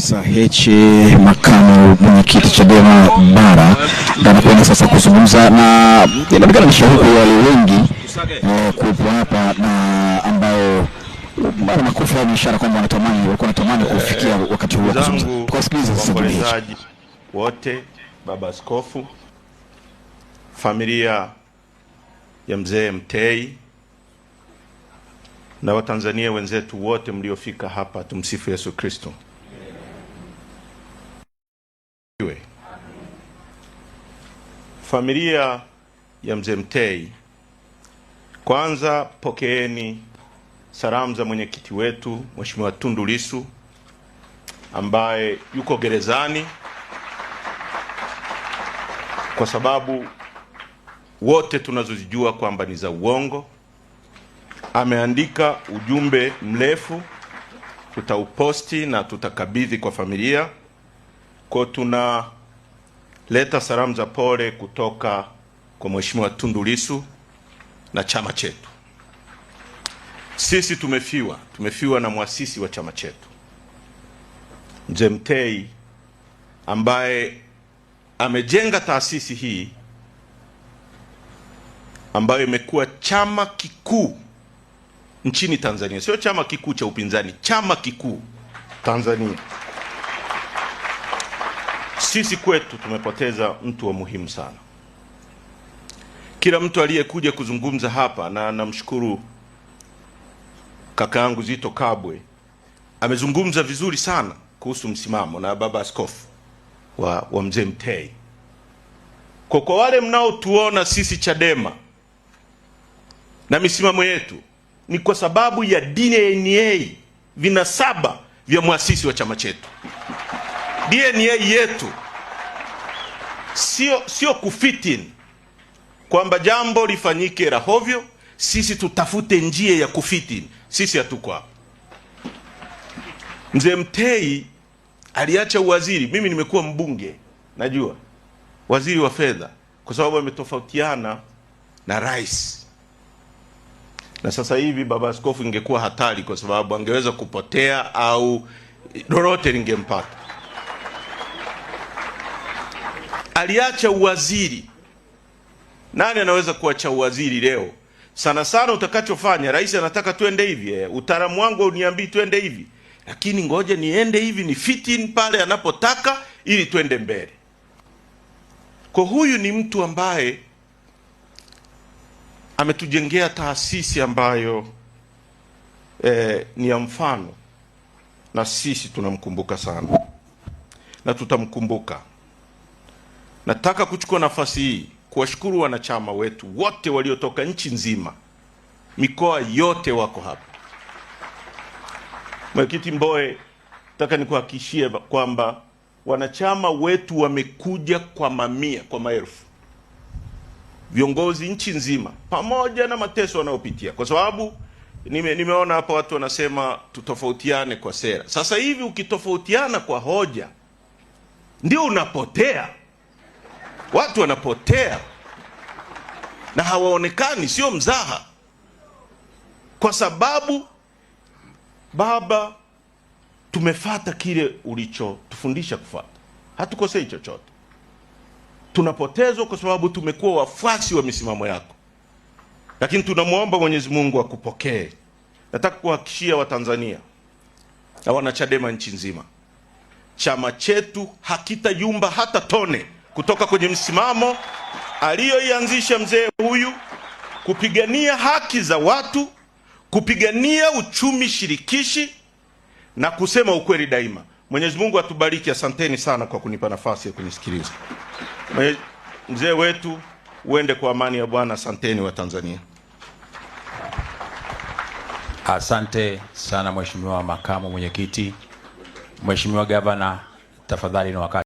Isa Heche, makamu mwenyekiti Chadema Bara, anakwenda sasa kuzungumza na inaonekana ni shauku wale wengi eh, kuwepo hapa na ambao mara makofi ni ishara kwamba wanatamani walikuwa wanatamani kufikia wakati huu wa kuzungumza. Tukasikilize sasa. Waombolezaji wote, baba askofu, familia ya mzee Mtei na Watanzania wenzetu wote mliofika hapa, tumsifu Yesu Kristo. Familia ya mzee Mtei, kwanza pokeeni salamu za mwenyekiti wetu Mheshimiwa Tundu Lissu ambaye yuko gerezani kwa sababu wote tunazozijua kwamba ni za uongo. Ameandika ujumbe mrefu, tutauposti na tutakabidhi kwa familia kwa tuna leta salamu za pole kutoka kwa Mheshimiwa Tundu Lissu na chama chetu. Sisi tumefiwa, tumefiwa na mwasisi wa chama chetu Mzee Mtei ambaye amejenga taasisi hii ambayo imekuwa chama kikuu nchini Tanzania, sio chama kikuu cha upinzani, chama kikuu Tanzania. Sisi kwetu tumepoteza mtu wa muhimu sana. Kila mtu aliyekuja kuzungumza hapa, na namshukuru kaka yangu Zito Kabwe amezungumza vizuri sana kuhusu msimamo na baba askofu wa, wa mzee Mtei. Kwa kwa wale mnaotuona sisi Chadema na misimamo yetu ni kwa sababu ya DNA vinasaba vya mwasisi wa chama chetu. DNA yetu sio sio kufitin kwamba jambo lifanyike hovyo, sisi tutafute njia ya kufitin. Sisi hatuko hapa. Mzee Mtei aliacha uwaziri, mimi nimekuwa mbunge, najua waziri wa fedha, kwa sababu ametofautiana na rais. Na sasa hivi baba askofu ingekuwa hatari, kwa sababu angeweza kupotea au lolote lingempata. aliacha uwaziri. Nani anaweza kuacha uwaziri leo? Sana sana utakachofanya, rais anataka twende hivi eh, utaalamu wangu uniambii twende hivi, lakini ngoja niende hivi, ni fitting pale anapotaka ili twende mbele. Kwa huyu ni mtu ambaye ametujengea taasisi ambayo eh, ni ya mfano, na sisi tunamkumbuka sana na tutamkumbuka. Nataka kuchukua nafasi hii kuwashukuru wanachama wetu wote waliotoka nchi nzima, mikoa yote wako hapa. Mwenyekiti Mbowe, nataka nikuhakikishie kwamba wanachama wetu wamekuja kwa mamia, kwa maelfu, viongozi nchi nzima, pamoja na mateso wanayopitia, kwa sababu nime, nimeona hapa watu wanasema tutofautiane kwa sera. Sasa hivi ukitofautiana kwa hoja ndio unapotea. Watu wanapotea na hawaonekani, sio mzaha, kwa sababu Baba, tumefata kile ulichotufundisha kufata, hatukosei chochote. Tunapotezwa kwa sababu tumekuwa wafuasi wa misimamo yako, lakini tunamwomba Mwenyezi Mungu akupokee. Nataka kuhakikishia Watanzania na Wanachadema nchi nzima, chama chetu hakitayumba hata tone kutoka kwenye msimamo aliyoianzisha mzee huyu kupigania haki za watu, kupigania uchumi shirikishi na kusema ukweli daima. Mwenyezi Mungu atubariki. Asanteni sana kwa kunipa nafasi ya kunisikiliza. Mzee wetu uende kwa amani ya Bwana. Asanteni wa Tanzania. Asante sana Mheshimiwa makamu mwenyekiti, Mheshimiwa gavana, tafadhali na wakati